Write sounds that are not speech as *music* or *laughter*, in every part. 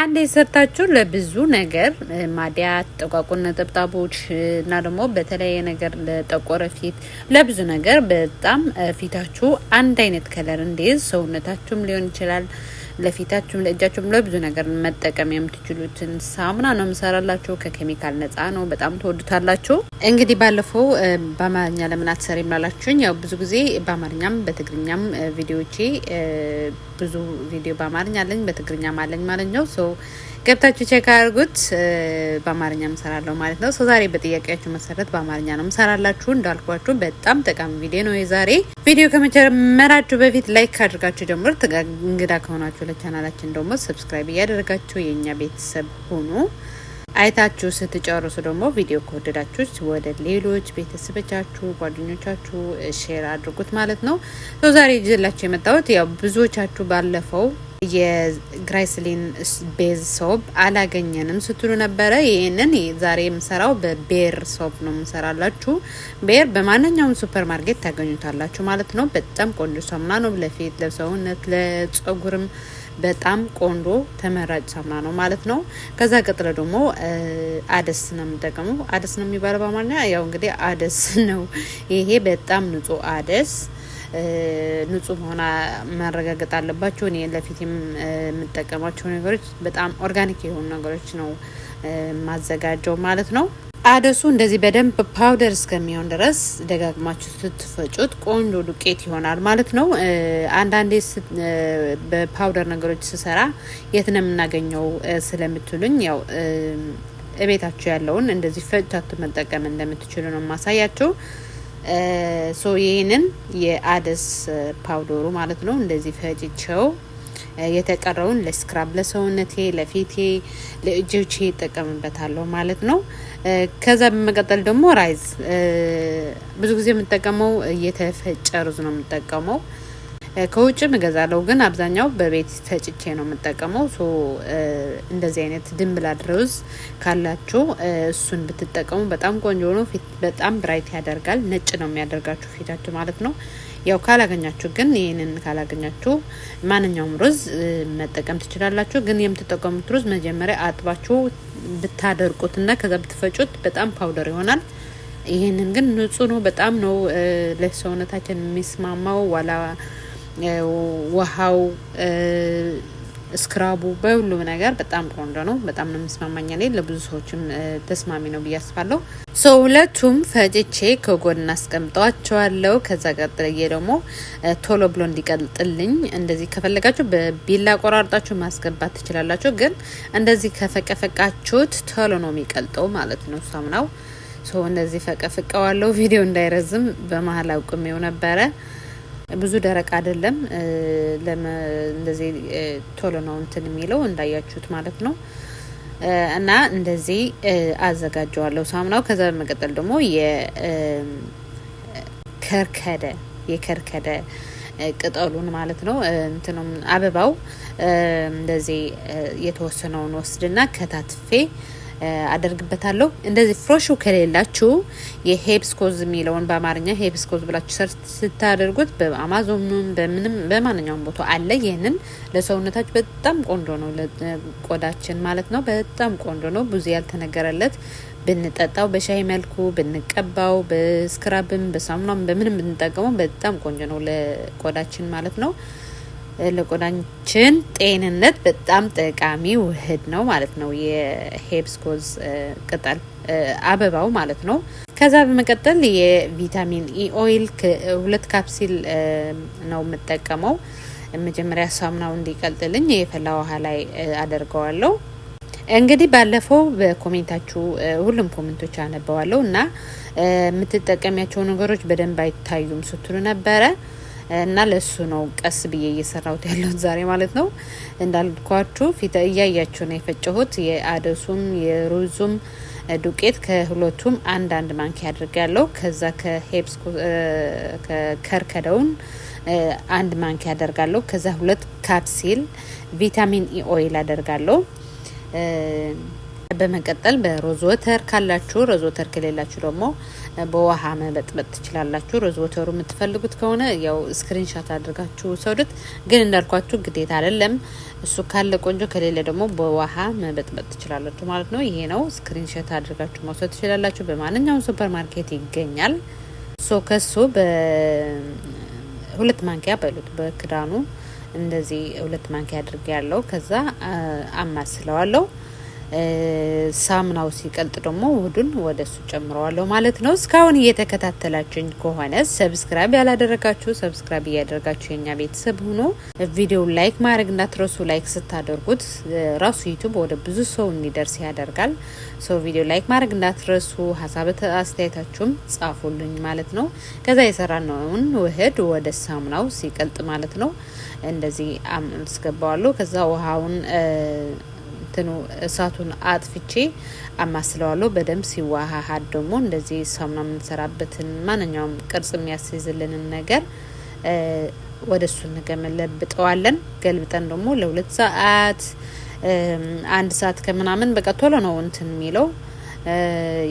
አንድ የሰርታችሁ ለብዙ ነገር ማዲያት፣ ጠቋቁር ነጠብጣቦች እና ደግሞ በተለያየ ነገር ለጠቆረ ፊት ለብዙ ነገር በጣም ፊታችሁ አንድ አይነት ከለር እንዲይዝ ሰውነታችሁም ሊሆን ይችላል ለፊታችሁም ለእጃችሁም ለብዙ ነገር መጠቀም የምትችሉትን ሳሙና ነው የምሰራላችሁ። ከኬሚካል ነጻ ነው። በጣም ተወዱታላችሁ። እንግዲህ ባለፈው በአማርኛ ለምን አትሰሪ ምላላችሁኝ። ያው ብዙ ጊዜ በአማርኛም በትግርኛም ቪዲዮቼ ብዙ ቪዲዮ በአማርኛ አለኝ በትግርኛም አለኝ ማለት ነው። ገብታችሁ ቼክ አድርጉት። በአማርኛ ምሰራለሁ ማለት ነው። ዛሬ በጥያቄያችሁ መሰረት በአማርኛ ነው ምሰራላችሁ። እንዳልኳችሁ በጣም ጠቃሚ ቪዲዮ ነው የዛሬ ቪዲዮ። ከመጀመራችሁ በፊት ላይክ አድርጋችሁ ጀምሩ። እንግዳ ከሆናችሁ ለቻናላችን ደግሞ ሰብስክራይብ እያደረጋችሁ የእኛ ቤተሰብ ሁኑ። አይታችሁ ስትጨርሱ ደግሞ ቪዲዮ ከወደዳችሁ ወደ ሌሎች ቤተሰቦቻችሁ፣ ጓደኞቻችሁ ሼር አድርጉት ማለት ነው። ዛሬ ይዤላችሁ የመጣሁት ያው ብዙዎቻችሁ ባለፈው የግራይስሊን ቤዝ ሶብ አላገኘንም ስትሉ ነበረ። ይህንን ዛሬ የምሰራው በቤር ሶብ ነው የምሰራላችሁ። ቤር በማንኛውም ሱፐር ማርኬት ታገኙታላችሁ ማለት ነው። በጣም ቆንጆ ሳሙና ነው። ለፊት፣ ለሰውነት፣ ለጸጉርም በጣም ቆንጆ ተመራጭ ሳሙና ነው ማለት ነው። ከዛ ቀጥለ ደግሞ አደስ ነው የምጠቀመው። አደስ ነው የሚባለው በአማርኛ ያው እንግዲህ አደስ ነው። ይሄ በጣም ንጹህ አደስ ንጹህ መሆን ማረጋገጥ አለባቸው። እኔ ለፊት የምጠቀማቸው ነገሮች በጣም ኦርጋኒክ የሆኑ ነገሮች ነው ማዘጋጀው ማለት ነው። አደሱ እንደዚህ በደንብ ፓውደር እስከሚሆን ድረስ ደጋግማችሁ ስትፈጩት ቆንጆ ዱቄት ይሆናል ማለት ነው። አንዳንዴ በፓውደር ነገሮች ስሰራ የት ነው የምናገኘው ስለምትሉኝ ያው እቤታችሁ ያለውን እንደዚህ ፈጭታችሁ መጠቀም እንደምትችሉ ነው የማሳያቸው። ሶ ይህንን የአደስ ፓውደሩ ማለት ነው እንደዚህ ፈጭቸው የተቀረውን ለስክራብ ለሰውነቴ፣ ለፊቴ፣ ለእጆቼ ይጠቀምበታለሁ ማለት ነው። ከዛ በመቀጠል ደግሞ ራይዝ ብዙ ጊዜ የምጠቀመው እየተፈጨ ሩዝ ነው የምጠቀመው ከውጭም እገዛለሁ፣ ግን አብዛኛው በቤት ፈጭቼ ነው የምጠቀመው። ሶ እንደዚህ አይነት ድንብላል ሮዝ ካላችሁ እሱን ብትጠቀሙ በጣም ቆንጆ ነው። ፊት በጣም ብራይት ያደርጋል፣ ነጭ ነው የሚያደርጋችሁ ፊታችሁ ማለት ነው። ያው ካላገኛችሁ ግን ይህንን ካላገኛችሁ ማንኛውም ሩዝ መጠቀም ትችላላችሁ። ግን የምትጠቀሙት ሩዝ መጀመሪያ አጥባችሁ ብታደርቁትና ከዛ ብትፈጩት በጣም ፓውደር ይሆናል። ይህንን ግን ንጹህ ነው፣ በጣም ነው ለሰውነታችን የሚስማማው ዋላ ውሃው፣ ስክራቡ በሁሉም ነገር በጣም ቆንጆ ነው። በጣም ነው የሚስማማኝ እኔ ለብዙ ሰዎችም ተስማሚ ነው ብዬ አስባለሁ። ሶ ሁለቱም ፈጭቼ ከጎን አስቀምጠዋቸዋለሁ። ከዛ ቀጥለዬ ደግሞ ቶሎ ብሎ እንዲቀልጥልኝ እንደዚህ ከፈለጋችሁ በቢላ ቆራርጣችሁ ማስገባት ትችላላችሁ። ግን እንደዚህ ከፈቀፈቃችሁት ቶሎ ነው የሚቀልጠው ማለት ነው ሳሙናው። ሶ እንደዚህ ፈቀፍቀዋለሁ። ቪዲዮ እንዳይረዝም በመሀል አውቅሜው ነበረ። ብዙ ደረቅ አይደለም። እንደዚህ ቶሎ ነው እንትን የሚለው እንዳያችሁት ማለት ነው። እና እንደዚህ አዘጋጀዋለሁ ሳሙናው። ከዛ በመቀጠል ደግሞ የከርከደ የከርከደ ቅጠሉን ማለት ነው እንትኑም አበባው እንደዚህ የተወሰነውን ወስድና ከታትፌ አደርግበታለሁ። እንደዚህ ፍሮሹ ከሌላችሁ የሄብስኮዝ የሚለውን በአማርኛ ሄብስኮዝ ብላችሁ ሰርች ስታደርጉት በአማዞንም በምንም በማንኛውም ቦታ አለ። ይህንን ለሰውነታችሁ በጣም ቆንጆ ነው፣ ለቆዳችን ማለት ነው። በጣም ቆንጆ ነው። ብዙ ያልተነገረለት ብንጠጣው በሻይ መልኩ ብንቀባው በስክራብም በሳሙናም በምንም ብንጠቀመው በጣም ቆንጆ ነው ለቆዳችን ማለት ነው። ለቆዳችን ጤንነት በጣም ጠቃሚ ውህድ ነው ማለት ነው። የሄብስኮዝ ቅጠል አበባው ማለት ነው። ከዛ በመቀጠል የቪታሚን ኢ ኦይል ሁለት ካፕሲል ነው የምጠቀመው። መጀመሪያ ሳሙናው እንዲቀልጥልኝ የፈላ ውሃ ላይ አደርገዋለሁ። እንግዲህ ባለፈው በኮሜንታችሁ ሁሉም ኮሜንቶች አነበዋለሁ እና የምትጠቀሚያቸው ነገሮች በደንብ አይታዩም ስትሉ ነበረ። እና ለሱ ነው ቀስ ብዬ እየሰራሁት ያለሁት ዛሬ ማለት ነው። እንዳልኳችሁ ፊት እያያችሁ ነው የፈጨሁት የአደሱም የሩዙም ዱቄት ከሁለቱም አንድ አንድ ማንኪያ አድርጋለሁ። ከዛ ከሄብስ ከከርከደውን አንድ ማንኪያ አደርጋለሁ። ከዛ ሁለት ካፕሲል ቪታሚን ኢ ኦይል አደርጋለሁ። በመቀጠል በሮዝወተር ወተር ካላችሁ ሮዝ ወተር ከሌላችሁ ደግሞ በውሃ መበጥበጥ ትችላላችሁ። ሮዝ ወተሩ የምትፈልጉት ከሆነ ያው ስክሪንሻት አድርጋችሁ ሰውዱት። ግን እንዳልኳችሁ ግዴታ አይደለም። እሱ ካለ ቆንጆ፣ ከሌለ ደግሞ በውሃ መበጥበጥ ትችላላችሁ ማለት ነው። ይሄ ነው ስክሪንሻት አድርጋችሁ መውሰድ ትችላላችሁ። በማንኛውም ሱፐር ማርኬት ይገኛል። ሶ ከሱ በሁለት ማንኪያ በሉት በክዳኑ እንደዚህ ሁለት ማንኪያ አድርጌ ያለው ከዛ አማስለዋለው ሳምናው ሲቀልጥ ደግሞ ውህዱን ወደ እሱ ጨምረዋለሁ ማለት ነው። እስካሁን እየተከታተላችሁኝ ከሆነ ሰብስክራይብ ያላደረጋችሁ ሰብስክራይብ እያደረጋችሁ የኛ ቤተሰብ ሆኖ ቪዲዮ ላይክ ማድረግ እንዳትረሱ። ላይክ ስታደርጉት ራሱ ዩቱብ ወደ ብዙ ሰው እንዲደርስ ያደርጋል። ሰው ቪዲዮ ላይክ ማድረግ እንዳትረሱ። ሀሳብ አስተያየታችሁም ጻፉልኝ ማለት ነው። ከዛ የሰራነውን ውህድ ወደ ሳምናው ሲቀልጥ ማለት ነው እንደዚህ አስገባዋለሁ። ከዛ ውሃውን እንትኑ እሳቱን አጥፍቼ አማስለዋለሁ። በደንብ ሲዋሃሃድ ደግሞ እንደዚህ ሳሙና የምንሰራበትን ማንኛውም ቅርጽ የሚያስይዝልንን ነገር ወደ እሱ እንገመለብጠዋለን። ገልብጠን ደግሞ ለሁለት ሰዓት አንድ ሰዓት ከምናምን በቃ ቶሎ ነው እንትን የሚለው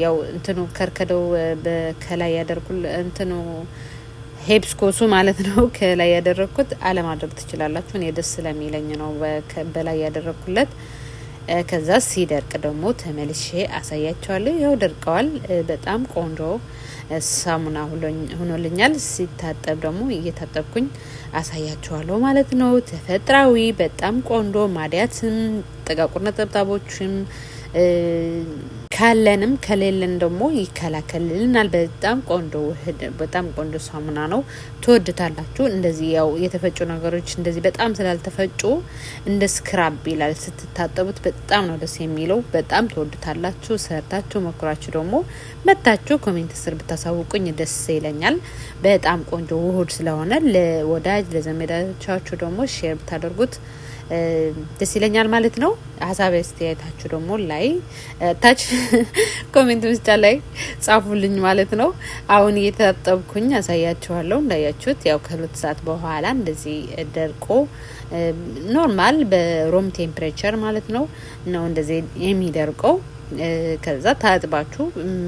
ያው እንትኑ ከርከደው ከላይ ያደርኩል እንትኑ ሄብስኮሱ ማለት ነው። *laughs* ከላይ ያደረግኩት አለማድረግ ትችላላችሁ። እኔ ደስ ስለሚለኝ ነው በላይ ያደረግኩለት። ከዛ ሲደርቅ ደግሞ ተመልሼ አሳያቸዋለሁ። ይኸው ደርቀዋል። በጣም ቆንጆ ሳሙና ሆኖልኛል። ሲታጠብ ደግሞ እየታጠብኩኝ አሳያቸዋለሁ ማለት ነው። ተፈጥራዊ በጣም ቆንጆ ማዲያትም፣ ጥቃቁር ነጠብጣቦችም ካለንም ከሌለን ደግሞ ይከላከልልናል። በጣም ቆንጆ ውህድ፣ በጣም ቆንጆ ሳሙና ነው። ትወድታላችሁ። እንደዚህ ያው የተፈጩ ነገሮች እንደዚህ በጣም ስላልተፈጩ እንደ ስክራብ ይላል። ስትታጠቡት በጣም ነው ደስ የሚለው። በጣም ትወድታላችሁ። ሰርታችሁ መኩራችሁ ደግሞ መታችሁ ኮሜንት ስር ብታሳውቁኝ ደስ ይለኛል። በጣም ቆንጆ ውህድ ስለሆነ ለወዳጅ ለዘመዳቻችሁ ደግሞ ሼር ብታደርጉት ደስ ይለኛል ማለት ነው። ሀሳብ አስተያየታችሁ ደግሞ ላይ ታች *laughs* ኮሜንት ምስጫ ላይ ጻፉልኝ ማለት ነው። አሁን እየታጠብኩኝ ያሳያችኋለሁ። እንዳያችሁት ያው ከሁለት ሰዓት በኋላ እንደዚህ ደርቆ ኖርማል በሮም ቴምፕሬቸር ማለት ነው ነው እንደዚህ የሚደርቀው ከዛ ታጥባችሁ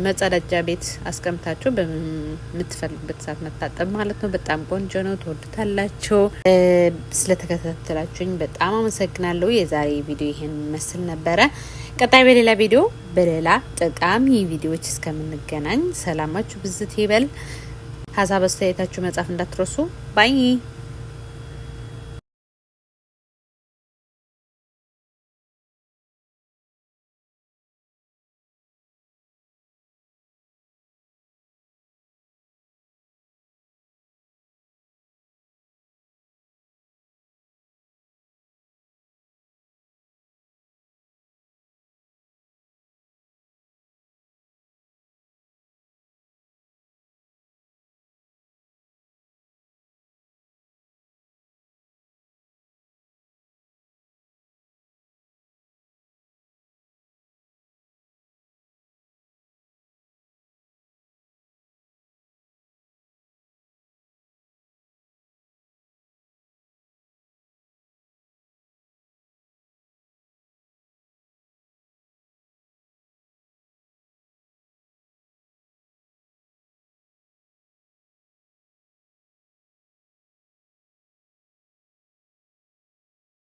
መጸዳጃ ቤት አስቀምታችሁ በምትፈልጉበት ሰዓት መታጠብ ማለት ነው። በጣም ቆንጆ ነው፣ ትወዱታላችሁ። ስለተከታተላችሁኝ በጣም አመሰግናለሁ። የዛሬ ቪዲዮ ይሄን መስል ነበረ። ቀጣይ በሌላ ቪዲዮ በሌላ ጠቃሚ ቪዲዮዎች እስከምንገናኝ ሰላማችሁ ብዝት ይበል። ሀሳብ አስተያየታችሁ መጻፍ እንዳትረሱ ባይ